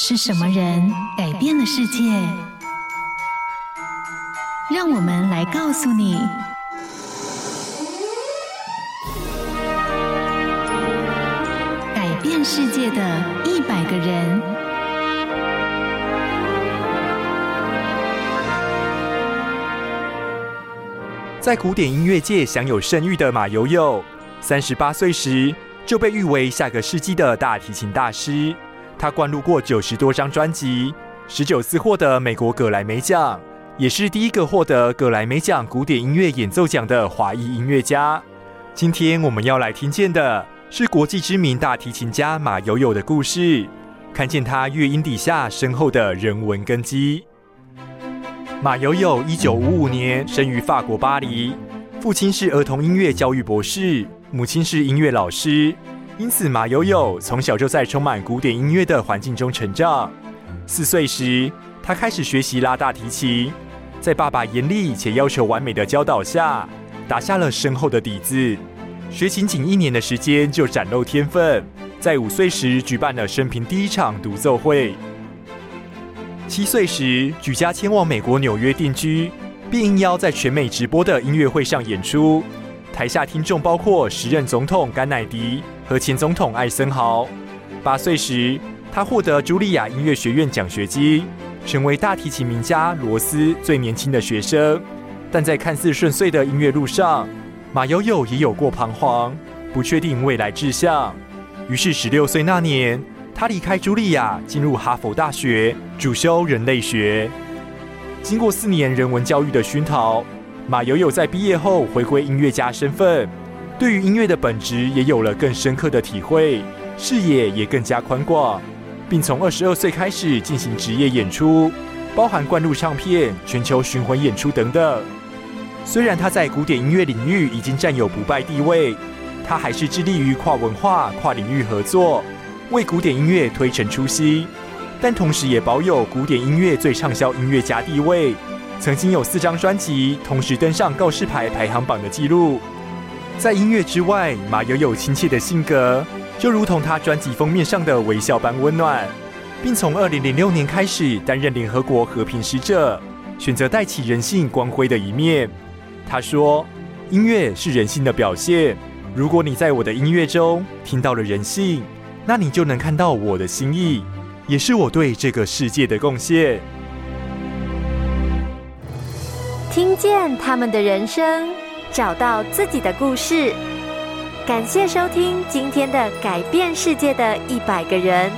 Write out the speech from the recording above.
是什麼人改變了世界？讓我們來告訴你：改變世界的一百個人。在古典音樂界享有盛譽的馬友友，三十八歲時就被譽為下個世紀的大提琴大師。他灌錄過九十多張專輯，十九次獲得美國葛萊美獎，也是第一個獲得葛萊美獎古典音樂演奏獎的華裔音樂家。今天我們要來聽見的是國際知名大提琴家馬友友的故事，看見他樂音底下深厚的人文根基。馬友友一九五五年生於法國巴黎，父親是兒童音樂教育博士，母親是音樂老師。因此，馬友友從小就在充滿古典音樂的環境中成長。四歲時，他開始學習拉大提琴，在爸爸嚴厲且要求完美的教導下，打下了深厚的底子。學琴僅一年的時間就展露天分，在五歲時舉辦了生平第一場獨奏會。七歲時，舉家遷往美國紐約定居，並應邀在全美直播的音樂會上演出，台下聽眾包括時任總統甘乃迪。和前總統艾森豪。八歲時，他獲得茱莉亞音樂學院獎學金，成為大提琴名家羅斯最年輕的學生。但在看似順遂的音樂路上，馬友友也有過彷徨，不確定未來志向。於是，十六歲那年，他離開茱莉亞，進入哈佛大學主修人類學。經過四年人文教育的熏陶，馬友友在畢業後回歸音樂家身份。對於音樂的本質也有了更深刻的體會，視野也更加寬廣，並從二十二歲開始進行職業演出，包含灌錄唱片、全球巡回演出等等。雖然他在古典音樂領域已經占有不敗地位，他還是致力於跨文化、跨領域合作，為古典音樂推陳出新。但同時也保有古典音樂最暢銷音樂家地位，曾經有四張專輯同時登上告示牌排行榜的記錄。在音樂之外，馬友友親切的性格就如同他專輯封面上的微笑般溫暖，並從二零零六年開始擔任聯合國和平使者，選擇帶起人性光輝的一面。他說：“音樂是人性的表現，如果你在我的音樂中聽到了人性，那你就能看到我的心意，也是我對這個世界的貢獻。”聽見他們的人生。找到自己的故事。感謝收聽今天的《改變世界的一百個人》。